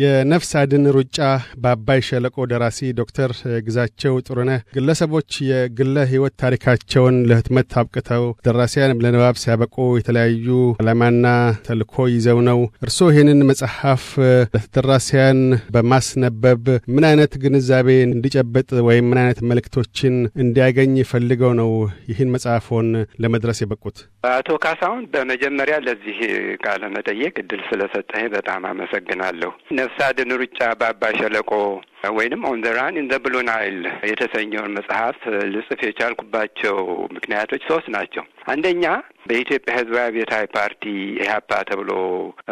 የነፍስ አድን ሩጫ በአባይ ሸለቆ ደራሲ ዶክተር ግዛቸው ጥሩነህ ግለሰቦች የግለ ህይወት ታሪካቸውን ለህትመት አብቅተው ደራሲያን ለንባብ ሲያበቁ የተለያዩ ዓላማና ተልኮ ይዘው ነው። እርስዎ ይህንን መጽሐፍ ለተደራሲያን በማስነበብ ምን አይነት ግንዛቤ እንዲጨበጥ ወይም ምን አይነት መልእክቶችን እንዲያገኝ ፈልገው ነው ይህን መጽሐፎን ለመድረስ የበቁት? አቶ ካሳሁን፣ በመጀመሪያ ለዚህ ቃለ መጠየቅ እድል ስለሰጠኝ በጣም አመሰግናለሁ። መሳድን ሩጫ በአባ ሸለቆ ወይንም ኦን ዘ ራን ኢን ዘ ብሉ ናይል የተሰኘውን መጽሐፍ ልጽፍ የቻልኩባቸው ምክንያቶች ሶስት ናቸው። አንደኛ በኢትዮጵያ ሕዝባዊ አብዮታዊ ፓርቲ ኢህአፓ ተብሎ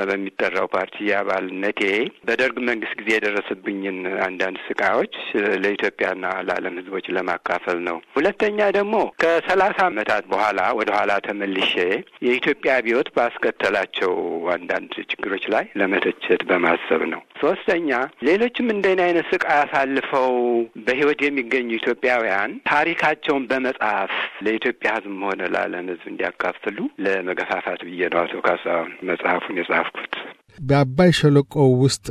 በሚጠራው ፓርቲ አባልነቴ በደርግ መንግስት ጊዜ የደረሰብኝን አንዳንድ ስቃዮች ለኢትዮጵያና ለዓለም ሕዝቦች ለማካፈል ነው። ሁለተኛ ደግሞ ከሰላሳ ዓመታት በኋላ ወደ ኋላ ተመልሼ የኢትዮጵያ አብዮት ባስከተላቸው አንዳንድ ችግሮች ላይ ለመተቸት በማሰብ ነው። ሶስተኛ ሌሎችም እንደኔ አይነት ስቃይ አሳልፈው በህይወት የሚገኙ ኢትዮጵያውያን ታሪካቸውን በመጽሐፍ ለኢትዮጵያ ህዝብም ሆነ ለዓለም ህዝብ እንዲያካፍሉ ለመገፋፋት ብዬ ነው አቶ መጽሐፉን የጻፍኩት። በአባይ ሸለቆ ውስጥ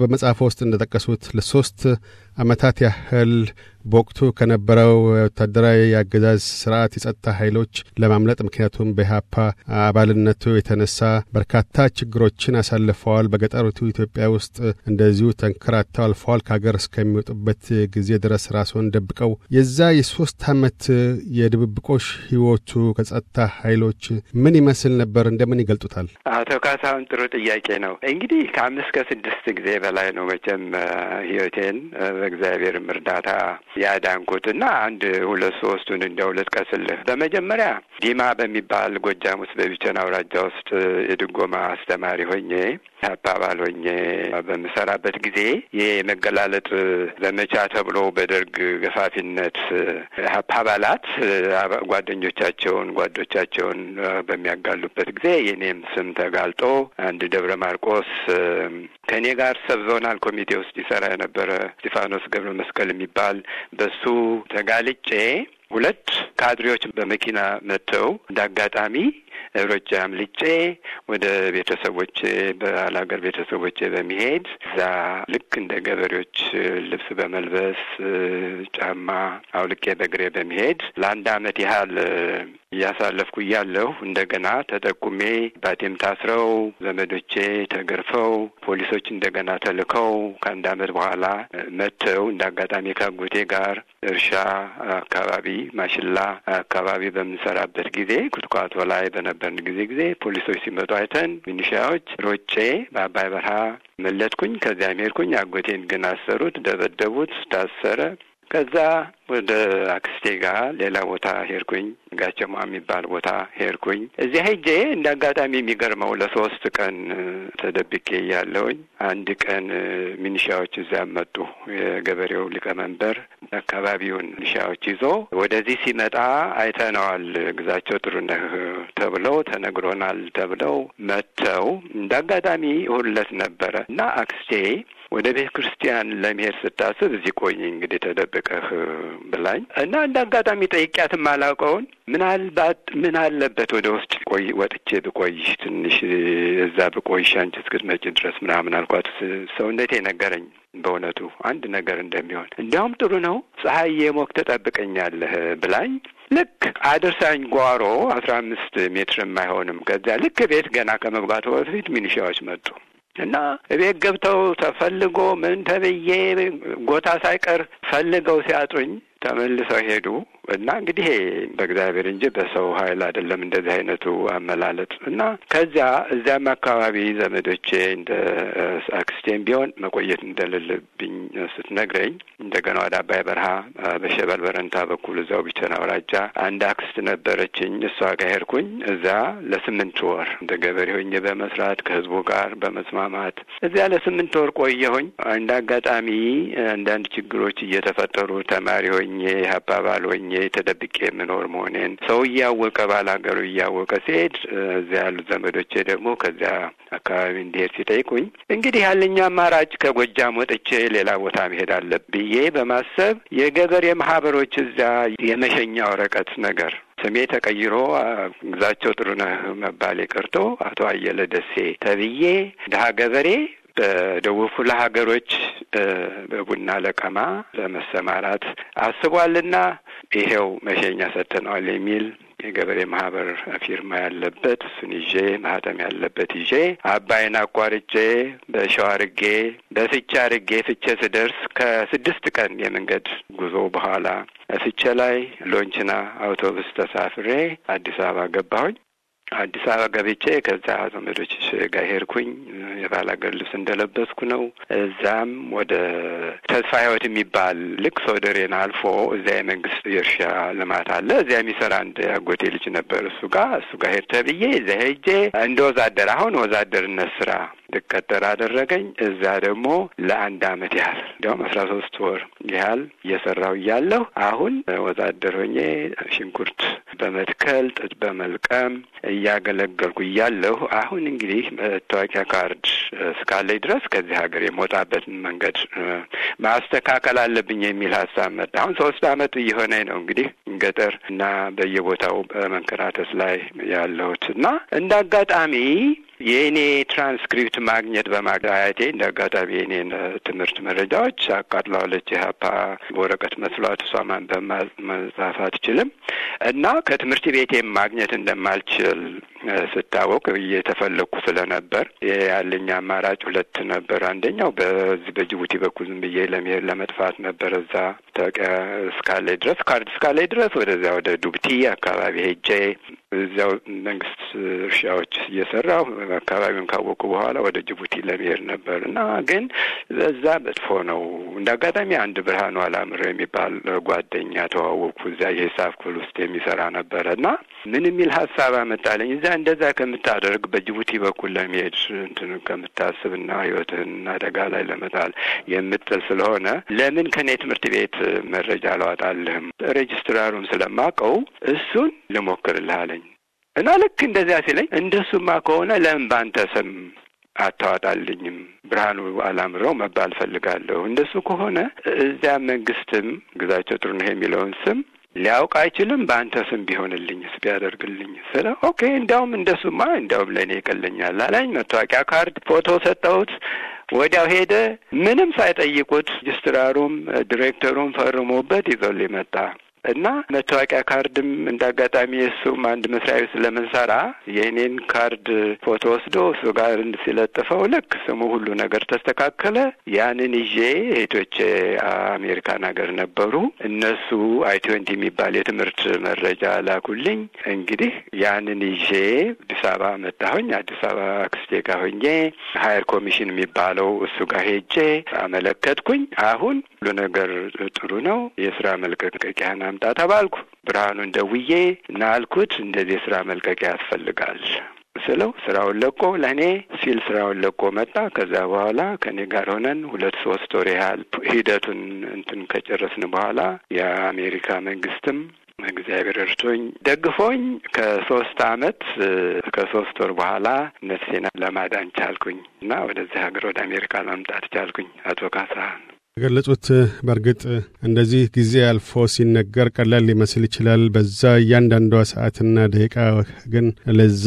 በመጽሐፎ ውስጥ እንደጠቀሱት ለሶስት ዓመታት ያህል በወቅቱ ከነበረው ወታደራዊ የአገዛዝ ስርዓት የጸጥታ ኃይሎች ለማምለጥ ምክንያቱም በኢህአፓ አባልነቱ የተነሳ በርካታ ችግሮችን አሳልፈዋል። በገጠሪቱ ኢትዮጵያ ውስጥ እንደዚሁ ተንከራተው አልፈዋል። ከሀገር እስከሚወጡበት ጊዜ ድረስ ራስዎን ደብቀው የዛ የሶስት ዓመት የድብብቆሽ ህይወቱ ከጸጥታ ኃይሎች ምን ይመስል ነበር? እንደምን ይገልጡታል? አቶ ካሳሁን ጥሩ ጥያቄ ነው። እንግዲህ ከአምስት ከስድስት ጊዜ በላይ ነው መቼም ህይወቴን በእግዚአብሔርም እርዳታ ያዳንኩት እና አንድ ሁለት ሶስቱን እንደ ሁለት ቀስልህ በመጀመሪያ ዲማ በሚባል ጎጃም ውስጥ በቢቸን አውራጃ ውስጥ የድጎማ አስተማሪ ሆኜ አባባል ሆኜ በምሰራበት ጊዜ የመገላለጥ ዘመቻ ተብሎ በደርግ ገፋፊነት ሀፓ አባላት ጓደኞቻቸውን ጓዶቻቸውን በሚያጋሉበት ጊዜ የኔም ስም ተጋልጦ አንድ ደብረ ማርቆስ ከእኔ ጋር ሰብዞናል ኮሚቴ ውስጥ ይሰራ የነበረ ስቲፋኖ ቴዎድሮስ ገብረ መስቀል የሚባል በሱ ተጋልጬ ሁለት ካድሬዎች በመኪና መጥተው እንደ አጋጣሚ ሮጬ አምልጬ ወደ ቤተሰቦቼ በአላገር ቤተሰቦቼ በሚሄድ እዛ ልክ እንደ ገበሬዎች ልብስ በመልበስ ጫማ አውልቄ በግሬ በሚሄድ ለአንድ አመት ያህል እያሳለፍኩ እያለሁ እንደገና ተጠቁሜ ባቴም ታስረው ዘመዶቼ ተገርፈው ፖሊሶች እንደገና ተልከው ከአንድ አመት በኋላ መጥተው እንደ አጋጣሚ ከአጎቴ ጋር እርሻ አካባቢ ማሽላ አካባቢ በምንሰራበት ጊዜ ኩትኳቶ ላይ በነ በነበርን ጊዜ ጊዜ ፖሊሶች ሲመጡ አይተን ሚኒሺያዎች ሮጬ በአባይ በረሃ መለጥኩኝ። ከዚያ ሄድኩኝ። አጎቴን ግን አሰሩት፣ ደበደቡት፣ ታሰረ። ከዛ ወደ አክስቴ ጋር ሌላ ቦታ ሄድኩኝ። ጋቸማ የሚባል ቦታ ሄድኩኝ። እዚያ ሄጄ እንደ አጋጣሚ የሚገርመው ለሶስት ቀን ተደብቄ ያለውኝ አንድ ቀን ሚኒሻዎች እዚያ መጡ። የገበሬው ሊቀመንበር አካባቢውን ሚኒሻዎች ይዞ ወደዚህ ሲመጣ አይተነዋል፣ ግዛቸው ጥሩነህ ተብለው ተነግሮናል ተብለው መጥተው እንደ አጋጣሚ ሁለት ነበረ እና አክስቴ ወደ ቤተ ክርስቲያን ለመሄድ ስታስብ እዚህ ቆይ እንግዲህ ተደብቀህ ብላኝ እና እንደ አጋጣሚ ጠይቂያትም አላውቀውን ምናልባት ምን አለበት ወደ ውስጥ ቆይ ወጥቼ ብቆይ ትንሽ እዛ ብቆይሽ አንቺ እስክትመጪ ድረስ ምናምን አልኳት። ሰውነቴ ነገረኝ በእውነቱ አንድ ነገር እንደሚሆን። እንዲያውም ጥሩ ነው ፀሐይ የሞክ ተጠብቀኛለህ ብላኝ ልክ አደርሳኝ ጓሮ አስራ አምስት ሜትር የማይሆንም ከዚያ ልክ ቤት ገና ከመግባቱ በፊት ሚኒሻዎች መጡ። እና እቤት ገብተው ተፈልጎ ምን ተብዬ ጎታ ሳይቀር ፈልገው ሲያጡኝ ተመልሰው ሄዱ። እና እንግዲህ በእግዚአብሔር እንጂ በሰው ኃይል አይደለም እንደዚህ አይነቱ አመላለጥ እና ከዚያ እዚያም አካባቢ ዘመዶቼ እንደ አክስቴን ቢሆን መቆየት እንደልልብኝ ስትነግረኝ እንደገና ወደ አባይ በረሃ በሸበል በረንታ በኩል እዛው ቢቸን አውራጃ አንድ አክስት ነበረችኝ። እሷ ጋር ሄድኩኝ። እዛ ለስምንት ወር እንደ ገበሬ ሆኜ በመስራት ከህዝቡ ጋር በመስማማት እዚያ ለስምንት ወር ቆየሁኝ። እንደ አጋጣሚ አንዳንድ ችግሮች እየተፈጠሩ ተማሪ ሆኜ ሀባባል ሆኜ ተደብቄ የምኖር መሆኔን ሰው እያወቀ ባል ሀገሩ እያወቀ ሲሄድ እዚያ ያሉት ዘመዶቼ ደግሞ ከዚያ አካባቢ እንዲሄድ ሲጠይቁኝ እንግዲህ ያለኝ አማራጭ ከጎጃም ወጥቼ ሌላ ቦታ መሄድ አለብዬ በማሰብ የገበሬ ማህበሮች እዚያ የመሸኛ ወረቀት ነገር ስሜ ተቀይሮ ግዛቸው ጥሩነህ መባሌ ቀርቶ አቶ አየለ ደሴ ተብዬ ድሀ ገበሬ በደቡብ ሁለ ሀገሮች በቡና ለቀማ ለመሰማራት አስቧልና ይሄው መሸኛ ሰጥተነዋል የሚል የገበሬ ማህበር ፊርማ ያለበት እሱን ይዤ ማህተም ያለበት ይዤ አባይን አቋርጬ በሸዋ ርጌ በፍቼ አርጌ ፍቼ ስደርስ ከስድስት ቀን የመንገድ ጉዞ በኋላ ፍቼ ላይ ሎንችና አውቶቡስ ተሳፍሬ አዲስ አበባ ገባሁኝ። አዲስ አበባ ገብቼ ከዛ ዘመዶች ጋር ሄድኩኝ። የባል ሀገር ልብስ እንደለበስኩ ነው። እዛም ወደ ተስፋ ህይወት የሚባል ልክ ሶደሬን አልፎ እዚያ የመንግስት የእርሻ ልማት አለ። እዚያ የሚሰራ አንድ አጎቴ ልጅ ነበር። እሱ ጋር እሱ ጋር ሄድ ተብዬ እዚያ ሄጄ እንደ ወዛደር አሁን ወዛደርነት ስራ እንድቀጠር አደረገኝ። እዛ ደግሞ ለአንድ አመት ያህል እንዲያውም አስራ ሶስት ወር ያህል እየሰራው እያለሁ አሁን ወታደር ሆኜ ሽንኩርት በመትከል ጥጥ በመልቀም እያገለገልኩ እያለሁ አሁን እንግዲህ መታወቂያ ካርድ እስካለኝ ድረስ ከዚህ ሀገር የመውጣበትን መንገድ ማስተካከል አለብኝ የሚል ሀሳብ መጣ። አሁን ሶስት አመት እየሆነ ነው እንግዲህ ገጠር እና በየቦታው በመንከራተት ላይ ያለሁት እና እንደ አጋጣሚ የእኔ ትራንስክሪፕት ማግኘት በማዳያቴ እንደ አጋጣሚ የእኔን ትምህርት መረጃዎች አቃጥለዋለች። ኢህአፓ ወረቀት መስሏት እሷ ማንበብ መጻፍ አትችልም እና ከትምህርት ቤቴም ማግኘት እንደማልችል እንድታወቅ እየተፈለግኩ ስለነበር ያለኝ አማራጭ ሁለት ነበር። አንደኛው በዚህ በጅቡቲ በኩል ዝም ብዬ ለመሄድ ለመጥፋት ነበር። እዛ እስካላይ ድረስ ካርድ እስካላይ ድረስ ወደዚያ ወደ ዱብቲ አካባቢ ሄጄ እዚያው መንግስት እርሻዎች እየሰራሁ አካባቢውን ካወቁ በኋላ ወደ ጅቡቲ ለመሄድ ነበር እና ግን እዛ መጥፎ ነው። እንደ አጋጣሚ አንድ ብርሃኑ አላምር የሚባል ጓደኛ ተዋወቅኩ። እዚያ የሂሳብ ክፍል ውስጥ የሚሰራ ነበረ እና ምን የሚል ሀሳብ አመጣለኝ እዛ እንደዛ ከምታደርግ በጅቡቲ በኩል ለመሄድ እንትን ከምታስብና ህይወትህን አደጋ ላይ ለመጣል የምትል ስለሆነ ለምን ከኔ ትምህርት ቤት መረጃ አላወጣልህም? ሬጅስትራሩም ስለማቀው እሱን ልሞክርልህ አለኝ እና ልክ እንደዚያ ሲለኝ እንደሱማ ከሆነ ለምን ባንተ ስም አታወጣልኝም? ብርሃኑ አላምረው መባል ፈልጋለሁ። እንደሱ ከሆነ እዚያ መንግስትም ግዛቸው ጥሩነህ የሚለውን ስም ሊያውቅ አይችልም። በአንተ ስም ቢሆንልኝስ ቢያደርግልኝ ስለ ኦኬ፣ እንዲያውም እንደሱማ እንዲያውም ለእኔ ይቀለኛል አላኝ። መታወቂያ ካርድ ፎቶ ሰጠሁት። ወዲያው ሄደ። ምንም ሳይጠይቁት ሬጅስትራሩም ዲሬክተሩም ፈርሞበት ይዞልኝ መጣ። እና መታወቂያ ካርድም እንዳጋጣሚ የእሱም አንድ መስሪያ ቤት ስለምንሰራ የእኔን ካርድ ፎቶ ወስዶ እሱ ጋር ሲለጥፈው ልክ ስሙ ሁሉ ነገር ተስተካከለ። ያንን ይዤ እህቶቼ አሜሪካን ሀገር ነበሩ። እነሱ አይ የሚባል የትምህርት መረጃ ላኩልኝ። እንግዲህ ያንን ይዤ አዲስ አበባ መጣሁኝ። አዲስ አበባ አክስቴ ጋር ሆኜ ሀየር ኮሚሽን የሚባለው እሱ ጋር ሄጄ አመለከትኩኝ። አሁን ሁሉ ነገር ጥሩ ነው፣ የስራ መልቀቂያን አምጣ ተባልኩ። ብርሃኑ እንደውዬ እና አልኩት እንደዚህ የስራ መልቀቂያ ያስፈልጋል ስለው ስራውን ለቆ ለእኔ ሲል ስራውን ለቆ መጣ። ከዛ በኋላ ከእኔ ጋር ሆነን ሁለት ሶስት ወር ያህል ሂደቱን እንትን ከጨረስን በኋላ የአሜሪካ መንግስትም እግዚአብሔር እርቶኝ ደግፎኝ ከሶስት አመት ከሶስት ወር በኋላ ነፍሴን ለማዳን ቻልኩኝ እና ወደዚህ ሀገር ወደ አሜሪካ ለመምጣት ቻልኩኝ። አቶ ካሳ የገለጹት በእርግጥ እንደዚህ ጊዜ አልፎ ሲነገር ቀላል ሊመስል ይችላል። በዛ እያንዳንዷ ሰዓትና ደቂቃ ግን ለዛ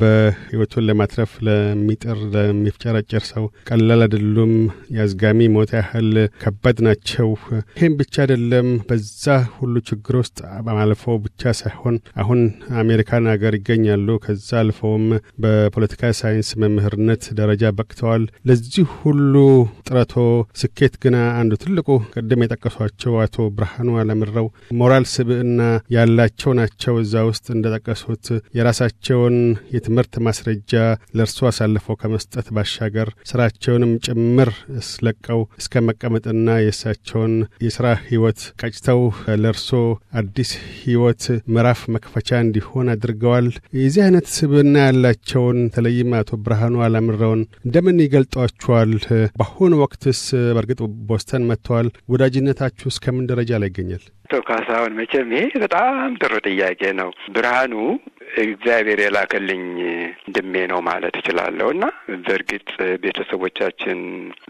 በህይወቱን ለማትረፍ ለሚጥር ለሚፍጨረጭር ሰው ቀላል አይደሉም። የአዝጋሚ ሞት ያህል ከባድ ናቸው። ይህም ብቻ አይደለም። በዛ ሁሉ ችግር ውስጥ በማልፎ ብቻ ሳይሆን አሁን አሜሪካን ሀገር ይገኛሉ። ከዛ አልፎውም በፖለቲካ ሳይንስ መምህርነት ደረጃ በቅተዋል። ለዚህ ሁሉ ጥረቶ ስኬት ግና አንዱ ትልቁ ቅድም የጠቀሷቸው አቶ ብርሃኑ አለምረው ሞራል ስብዕና ያላቸው ናቸው። እዛ ውስጥ እንደጠቀሱት የራሳቸውን የትምህርት ማስረጃ ለእርሱ አሳልፈው ከመስጠት ባሻገር ስራቸውንም ጭምር ስለቀው እስከ መቀመጥና የእሳቸውን የስራ ህይወት ቀጭተው ለእርሶ አዲስ ህይወት ምዕራፍ መክፈቻ እንዲሆን አድርገዋል። የዚህ አይነት ስብዕና ያላቸውን በተለይም አቶ ብርሃኑ አለምረውን እንደምን ይገልጧቸዋል? በአሁኑ ወቅትስ በእርግጥ ወስተን መጥተዋል። ወዳጅነታችሁ እስከምን ደረጃ ላይ ይገኛል? አቶ ካሳሁን መቼም ይሄ በጣም ጥሩ ጥያቄ ነው። ብርሃኑ እግዚአብሔር የላከልኝ ድሜ ነው ማለት እችላለሁ እና በእርግጥ ቤተሰቦቻችን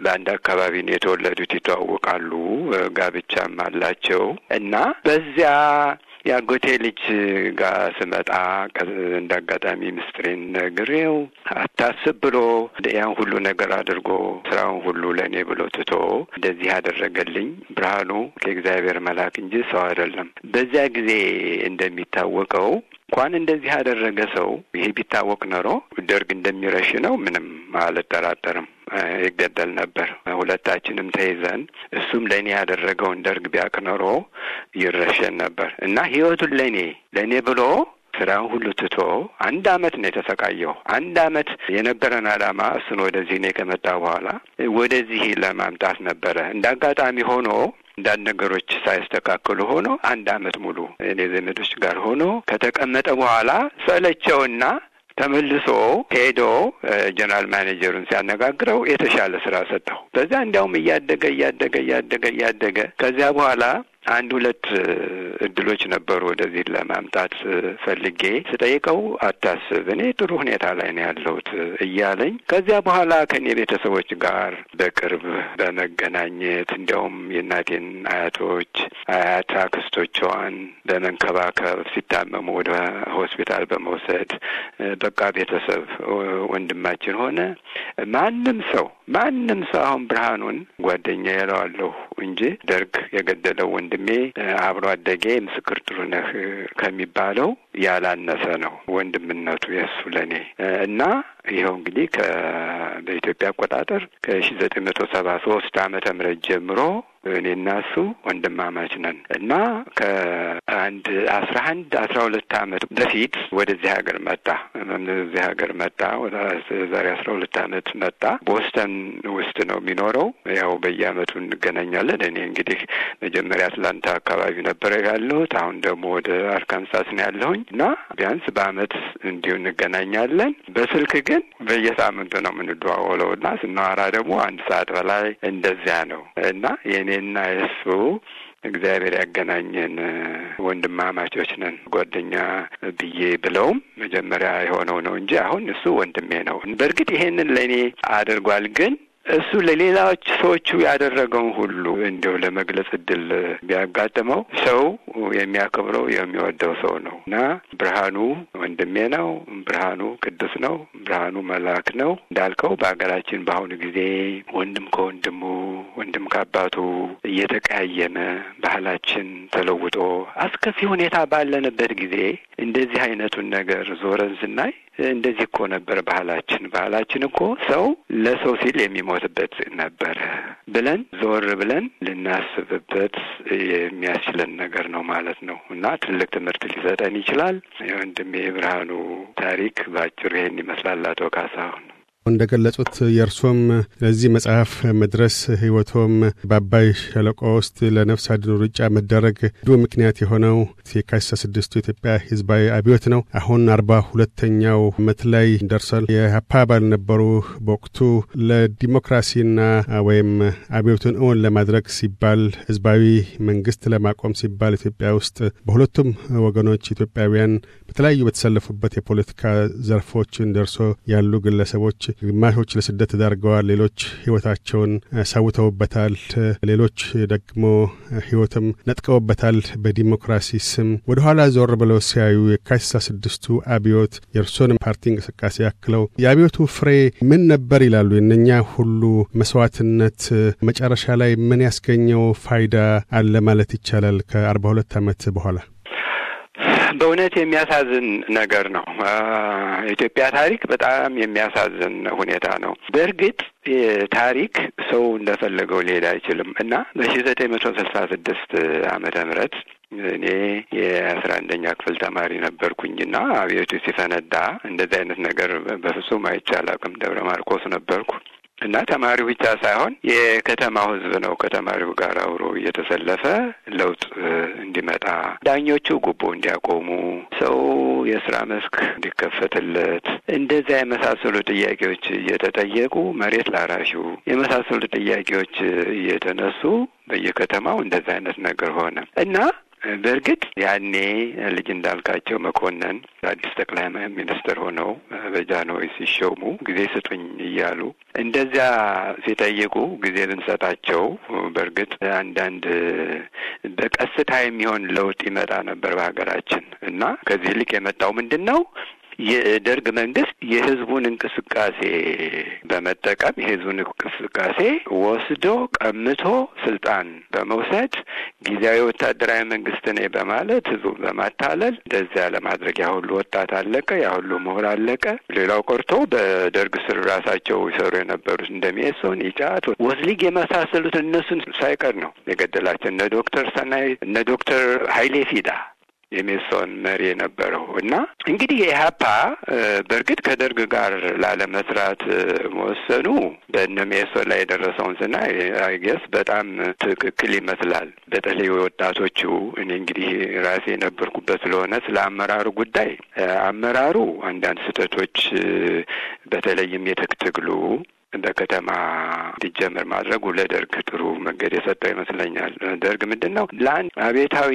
በአንድ አካባቢ ነው የተወለዱት፣ ይተዋወቃሉ፣ ጋብቻም አላቸው እና በዚያ የአጎቴ ልጅ ጋር ስመጣ እንደ አጋጣሚ ምስጢሬን ነግሬው አታስብ ብሎ ያን ሁሉ ነገር አድርጎ ስራውን ሁሉ ለእኔ ብሎ ትቶ እንደዚህ ያደረገልኝ ብርሃኑ ከእግዚአብሔር መልአክ እንጂ ሰው አይደለም። በዚያ ጊዜ እንደሚታወቀው እንኳን እንደዚህ ያደረገ ሰው ይሄ ቢታወቅ ኖሮ ደርግ እንደሚረሽ ነው ምንም አልጠራጠርም። ይገደል ነበር። ሁለታችንም ተይዘን እሱም ለእኔ ያደረገውን ደርግ ቢያቅ ኖሮ ይረሸን ነበር እና ህይወቱን ለእኔ ለእኔ ብሎ ስራውን ሁሉ ትቶ አንድ አመት ነው የተሰቃየው። አንድ አመት የነበረን አላማ እሱን ወደዚህ እኔ ከመጣ በኋላ ወደዚህ ለማምጣት ነበረ። እንደ አጋጣሚ ሆኖ አንዳንድ ነገሮች ሳያስተካክሉ ሆኖ አንድ አመት ሙሉ እኔ ዘመዶች ጋር ሆኖ ከተቀመጠ በኋላ ሰለቸውና ተመልሶ ሄዶ ጀነራል ማኔጀሩን ሲያነጋግረው የተሻለ ስራ ሰጠው። በዛ እንዲያውም እያደገ እያደገ እያደገ እያደገ ከዚያ በኋላ አንድ ሁለት እድሎች ነበሩ ወደዚህ ለማምጣት ፈልጌ ስጠይቀው አታስብ፣ እኔ ጥሩ ሁኔታ ላይ ነው ያለሁት እያለኝ ከዚያ በኋላ ከእኔ ቤተሰቦች ጋር በቅርብ በመገናኘት እንዲያውም የእናቴን አያቶች አያት አክስቶቿን በመንከባከብ ሲታመሙ ወደ ሆስፒታል በመውሰድ በቃ ቤተሰብ ወንድማችን ሆነ። ማንም ሰው ማንም ሰው አሁን ብርሃኑን ጓደኛ የለዋለሁ እንጂ ደርግ የገደለው ወንድ ወንድሜ አብሮ አደጌ ምስክር ጥሩነህ ከሚባለው ያላነሰ ነው ወንድምነቱ የእሱ ለእኔ እና ይኸው እንግዲህ በኢትዮጵያ አቆጣጠር ከሺ ዘጠኝ መቶ ሰባ ሶስት ዓመተ ምህረት ጀምሮ እኔና እሱ ወንድማማች ነን እና ከአንድ አስራ አንድ አስራ ሁለት ዓመት በፊት ወደዚህ ሀገር መጣ። እዚህ ሀገር መጣ። ዛሬ አስራ ሁለት ዓመት መጣ። ቦስተን ውስጥ ነው የሚኖረው። ያው በየአመቱ እንገናኛለን። እኔ እንግዲህ መጀመሪያ አትላንታ አካባቢ ነበረ ያለሁት። አሁን ደግሞ ወደ አርካንሳስ ነው ያለሁኝ እና ቢያንስ በአመት እንዲሁ እንገናኛለን። በስልክ ግን በየሳምንቱ ነው ምንዱ የምንደዋወለው እና ስናወራ ደግሞ አንድ ሰዓት በላይ እንደዚያ ነው እና የኔና የሱ እግዚአብሔር ያገናኘን ወንድማማቾች ነን ጓደኛ ብዬ ብለውም መጀመሪያ የሆነው ነው እንጂ አሁን እሱ ወንድሜ ነው። በእርግጥ ይሄንን ለእኔ አድርጓል ግን እሱ ለሌላዎች ሰዎቹ ያደረገውን ሁሉ እንዲሁ ለመግለጽ እድል ቢያጋጥመው ሰው የሚያከብረው የሚወደው ሰው ነው እና ብርሃኑ ወንድሜ ነው። ብርሃኑ ቅዱስ ነው። ብርሃኑ መልአክ ነው። እንዳልከው በሀገራችን በአሁኑ ጊዜ ወንድም ከወንድሙ ወንድም ከአባቱ እየተቀያየመ ባህላችን ተለውጦ አስከፊ ሁኔታ ባለንበት ጊዜ እንደዚህ አይነቱን ነገር ዞረን ስናይ እንደዚህ እኮ ነበር ባህላችን። ባህላችን እኮ ሰው ለሰው ሲል የሚሞትበት ነበረ ብለን ዞር ብለን ልናስብበት የሚያስችለን ነገር ነው ማለት ነው እና ትልቅ ትምህርት ሊሰጠን ይችላል። የወንድሜ ብርሃኑ ታሪክ በአጭሩ ይሄን ይመስላል። አቶ ካሳሁን እንደገለጹት የእርሶም ለዚህ መጽሐፍ መድረስ ህይወቶም በአባይ ሸለቆ ውስጥ ለነፍስ አድኖ ሩጫ መደረግ ዱ ምክንያት የሆነው የካቲት ስድስቱ ኢትዮጵያ ህዝባዊ አብዮት ነው። አሁን አርባ ሁለተኛው ዓመት ላይ ደርሷል። የሀፓ አባል ነበሩ። በወቅቱ ለዲሞክራሲና ወይም አብዮቱን እውን ለማድረግ ሲባል ህዝባዊ መንግስት ለማቆም ሲባል ኢትዮጵያ ውስጥ በሁለቱም ወገኖች ኢትዮጵያውያን በተለያዩ በተሰለፉበት የፖለቲካ ዘርፎች እንደርሶ ያሉ ግለሰቦች ግማሾች ለስደት ተዳርገዋል፣ ሌሎች ህይወታቸውን ሰውተውበታል፣ ሌሎች ደግሞ ህይወትም ነጥቀውበታል በዲሞክራሲ ስም። ወደ ኋላ ዞር ብለው ሲያዩ የካቲት ስድስቱ አብዮት የእርሶን ፓርቲ እንቅስቃሴ ያክለው የአብዮቱ ፍሬ ምን ነበር ይላሉ? የእነኛ ሁሉ መስዋዕትነት መጨረሻ ላይ ምን ያስገኘው ፋይዳ አለ ማለት ይቻላል ከአርባ ሁለት ዓመት በኋላ? በእውነት የሚያሳዝን ነገር ነው። የኢትዮጵያ ታሪክ በጣም የሚያሳዝን ሁኔታ ነው። በእርግጥ ታሪክ ሰው እንደፈለገው ሊሄድ አይችልም እና በሺ ዘጠኝ መቶ ስልሳ ስድስት አመተ ምህረት እኔ የአስራ አንደኛ ክፍል ተማሪ ነበርኩኝና አብዮቱ ሲፈነዳ እንደዚህ አይነት ነገር በፍጹም አይቻል አቅም ደብረ ማርቆስ ነበርኩ እና ተማሪው ብቻ ሳይሆን የከተማው ህዝብ ነው ከተማሪው ጋር አብሮ እየተሰለፈ ለውጥ እንዲመጣ፣ ዳኞቹ ጉቦ እንዲያቆሙ፣ ሰው የስራ መስክ እንዲከፈትለት፣ እንደዚያ የመሳሰሉ ጥያቄዎች እየተጠየቁ መሬት ላራሹ የመሳሰሉ ጥያቄዎች እየተነሱ በየከተማው እንደዚህ አይነት ነገር ሆነ እና በእርግጥ ያኔ ልጅ እንዳልካቸው መኮንን አዲስ ጠቅላይ ሚኒስትር ሆነው በጃንሆይ ሲሾሙ ጊዜ ስጡኝ እያሉ እንደዚያ ሲጠይቁ ጊዜ ብንሰጣቸው በእርግጥ አንዳንድ በቀስታ የሚሆን ለውጥ ይመጣ ነበር በሀገራችን እና ከዚህ ይልቅ የመጣው ምንድን ነው የደርግ መንግስት የህዝቡን እንቅስቃሴ በመጠቀም የህዝቡን እንቅስቃሴ ወስዶ ቀምቶ ስልጣን በመውሰድ ጊዜያዊ ወታደራዊ መንግስት ነኝ በማለት ህዝቡን በማታለል እንደዚያ ለማድረግ ያሁሉ ወጣት አለቀ፣ ያሁሉ ምሁር አለቀ። ሌላው ቆርቶ በደርግ ስር ራሳቸው ይሰሩ የነበሩት እንደሚኤሶን፣ ኢጫት፣ ወዝሊግ የመሳሰሉት እነሱን ሳይቀር ነው የገደላቸው። እነ ዶክተር ሰናይ እነ ዶክተር ሀይሌ ፊዳ የሜሶን መሪ የነበረው እና እንግዲህ ኢህአፓ በእርግጥ ከደርግ ጋር ላለመስራት መወሰኑ በእነ ሜሶን ላይ የደረሰውን ስና አይገስ በጣም ትክክል ይመስላል። በተለይ ወጣቶቹ እኔ እንግዲህ ራሴ የነበርኩበት ስለሆነ ስለ አመራሩ ጉዳይ አመራሩ አንዳንድ ስህተቶች በተለይም የትጥቅ በከተማ እንዲጀምር ማድረጉ ለደርግ ጥሩ መንገድ የሰጠው ይመስለኛል። ደርግ ምንድን ነው ለአንድ አቤታዊ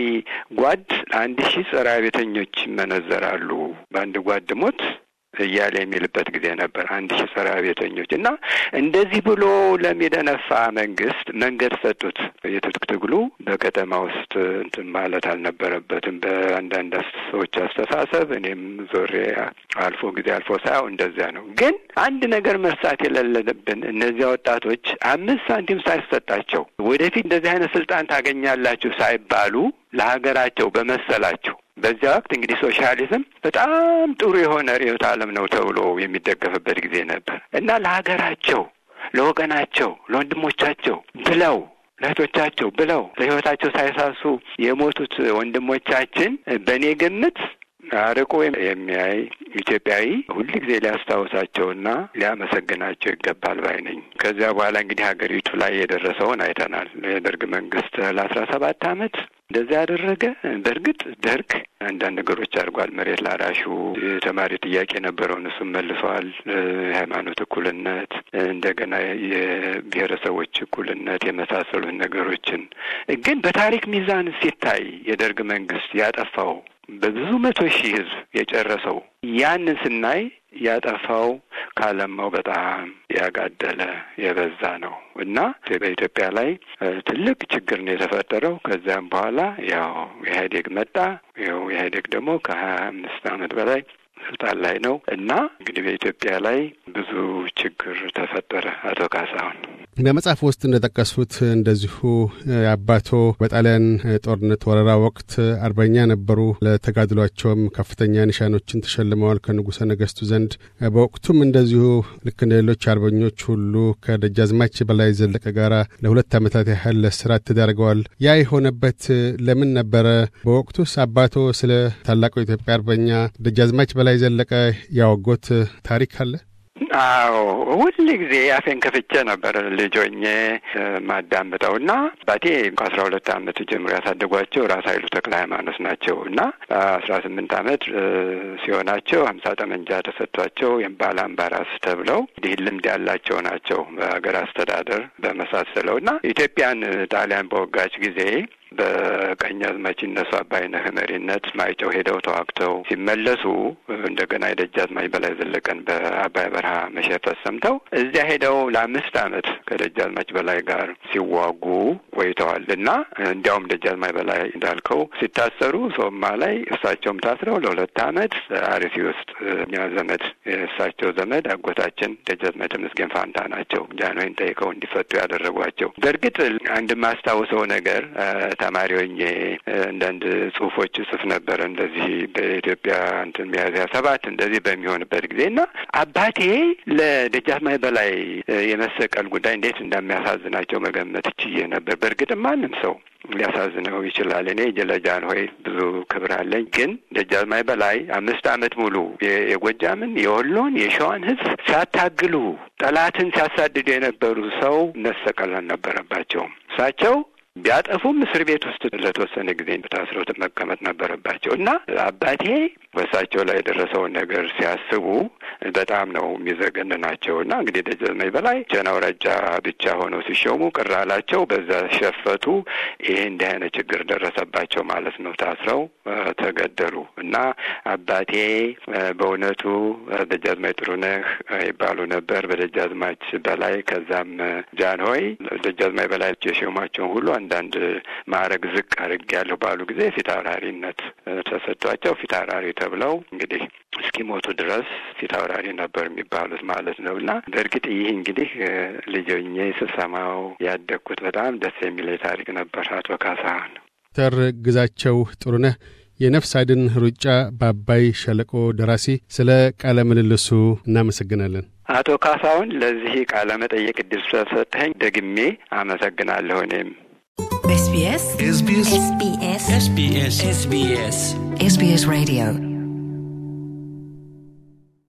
ጓድ አንድ ሺህ ጸረ አቤተኞች ይመነዘራሉ፣ በአንድ ጓድ ሞት እያለ የሚልበት ጊዜ ነበር። አንድ ሺ ሰራ ቤተኞች እና እንደዚህ ብሎ ለሚደነፋ መንግስት መንገድ ሰጡት። የትጥቅ ትግሉ በከተማ ውስጥ እንትን ማለት አልነበረበትም። በአንዳንድ ሰዎች አስተሳሰብ እኔም ዞሬ አልፎ ጊዜ አልፎ ሳያው እንደዚያ ነው። ግን አንድ ነገር መርሳት የሌለብን እነዚያ ወጣቶች አምስት ሳንቲም ሳይሰጣቸው ወደፊት እንደዚህ አይነት ስልጣን ታገኛላችሁ ሳይባሉ ለሀገራቸው በመሰላቸው በዚያ ወቅት እንግዲህ ሶሻሊዝም በጣም ጥሩ የሆነ ርዕዮተ ዓለም ነው ተብሎ የሚደገፍበት ጊዜ ነበር እና ለሀገራቸው፣ ለወገናቸው፣ ለወንድሞቻቸው ብለው ለእህቶቻቸው ብለው ለህይወታቸው ሳይሳሱ የሞቱት ወንድሞቻችን በእኔ ግምት አርቆ የሚያይ ኢትዮጵያዊ ጊዜ ሊያስታውሳቸውና ሊያመሰግናቸው ይገባል ባይ ነኝ። ከዚያ በኋላ እንግዲህ ሀገሪቱ ላይ የደረሰውን አይተናል። የደርግ መንግስት ለአስራ ሰባት አመት እንደዚህ ያደረገ። በእርግጥ ደርግ አንዳንድ ነገሮች አድርጓል። መሬት ላራሹ የተማሪ ጥያቄ የነበረውን እሱም መልሷል። የሃይማኖት እኩልነት፣ እንደገና የብሔረሰቦች እኩልነት የመሳሰሉት ነገሮችን ግን በታሪክ ሚዛን ሲታይ የደርግ መንግስት ያጠፋው በብዙ መቶ ሺህ ህዝብ የጨረሰው ያንን ስናይ ያጠፋው ካለማው በጣም ያጋደለ የበዛ ነው እና በኢትዮጵያ ላይ ትልቅ ችግር ነው የተፈጠረው። ከዚያም በኋላ ያው ኢህአዴግ መጣ። ያው ኢህአዴግ ደግሞ ከሀያ አምስት አመት በላይ ስልጣን ላይ ነው እና እንግዲህ በኢትዮጵያ ላይ ብዙ ችግር ተፈጠረ። አቶ ካሳሁን በመጽሐፍ ውስጥ እንደጠቀሱት እንደዚሁ አባቶ በጣሊያን ጦርነት ወረራ ወቅት አርበኛ ነበሩ። ለተጋድሏቸውም ከፍተኛ ኒሻኖችን ተሸልመዋል ከንጉሠ ነገሥቱ ዘንድ። በወቅቱም እንደዚሁ ልክ እንደ ሌሎች አርበኞች ሁሉ ከደጃዝማች በላይ ዘለቀ ጋር ለሁለት ዓመታት ያህል ለስራት ተዳርገዋል። ያ የሆነበት ለምን ነበረ? በወቅቱስ አባቶ ስለ ታላቁ ኢትዮጵያ አርበኛ ደጃዝማች በላይ ዘለቀ ያወጎት ታሪክ አለ? አዎ ሁል ጊዜ አፌን ከፍቼ ነበር ልጆኜ ማዳምጠው እና አባቴ ከአስራ ሁለት አመት ጀምሮ ያሳደጓቸው ራስ ኃይሉ ተክለ ሃይማኖት ናቸው እና አስራ ስምንት አመት ሲሆናቸው ሀምሳ ጠመንጃ ተሰጥቷቸው የባለ አምባራስ ተብለው እንዲህ ልምድ ያላቸው ናቸው በሀገር አስተዳደር በመሳሰለው እና ኢትዮጵያን ጣሊያን በወጋች ጊዜ በቀኛዝማች ይነሱ አባይነህ መሪነት ማይጨው ሄደው ተዋግተው ሲመለሱ እንደገና የደጃዝማች በላይ ዘለቀን በአባይ በረሃ መሸፈት ሰምተው እዚያ ሄደው ለአምስት ዓመት ከደጃዝማች በላይ ጋር ሲዋጉ ቆይተዋል እና እንዲያውም ደጃዝማች በላይ እንዳልከው ሲታሰሩ ሶማ ላይ እሳቸውም ታስረው ለሁለት ዓመት አርሲ ውስጥ እኛ ዘመድ የእሳቸው ዘመድ አጎታችን ደጃዝማች ተመስገን ፋንታ ናቸው ጃንሆይን ጠይቀው እንዲፈቱ ያደረጓቸው። በእርግጥ አንድ ማስታውሰው ነገር ተማሪ ሆኜ አንዳንድ ጽሁፎች ጽፍ ነበረ እንደዚህ በኢትዮጵያ እንትን ሚያዝያ ሰባት እንደዚህ በሚሆንበት ጊዜ እና አባቴ ለደጃዝማች በላይ የመሰቀል ጉዳይ እንዴት እንደሚያሳዝናቸው መገመት ችዬ ነበር። በእርግጥ ማንም ሰው ሊያሳዝነው ይችላል። እኔ ጀለጃን ሆይ ብዙ ክብር አለኝ። ግን ደጃዝማች በላይ አምስት ዓመት ሙሉ የጎጃምን፣ የወሎን፣ የሸዋን ህዝብ ሲያታግሉ ጠላትን ሲያሳድዱ የነበሩ ሰው መሰቀል አልነበረባቸውም። እሳቸው ቢያጠፉም እስር ቤት ውስጥ ለተወሰነ ጊዜ ታስረው መቀመጥ ነበረባቸው እና አባቴ በእሳቸው ላይ የደረሰውን ነገር ሲያስቡ በጣም ነው የሚዘገን ናቸው እና እንግዲህ ደጀዝማች በላይ ጀና ብቻ ሆነው ሲሾሙ ቅር አላቸው። በዛ ሸፈቱ። ይሄ እንዲህ አይነት ችግር ደረሰባቸው ማለት ነው። ታስረው ተገደሉ እና አባቴ በእውነቱ ደጃዝማች ጥሩነህ ይባሉ ነበር። በደጃዝማች በላይ ከዛም ጃንሆይ ደጃዝማች በላይ የሾማቸውን ሁሉ አንዳንድ ማዕረግ ዝቅ አድርግ ያለሁ ባሉ ጊዜ ፊት አውራሪነት ተሰጥቷቸው ፊት አውራሪ ተብለው እንግዲህ እስኪሞቱ ድረስ ፊት አውራሪ ነበር የሚባሉት ማለት ነው። እና በእርግጥ ይህ እንግዲህ ልጆኜ ስሰማው ያደግኩት በጣም ደስ የሚል ታሪክ ነበር። አቶ ካሳሁን ተር ግዛቸው ጥሩነህ የነፍስ አድን ሩጫ በአባይ ሸለቆ ደራሲ፣ ስለ ቃለ ምልልሱ እናመሰግናለን። አቶ ካሳሁን ለዚህ ቃለ መጠየቅ እድል ስለተሰጠኸኝ ደግሜ አመሰግናለሁ እኔም SBS SBS SBS SBS SBS SBS Radio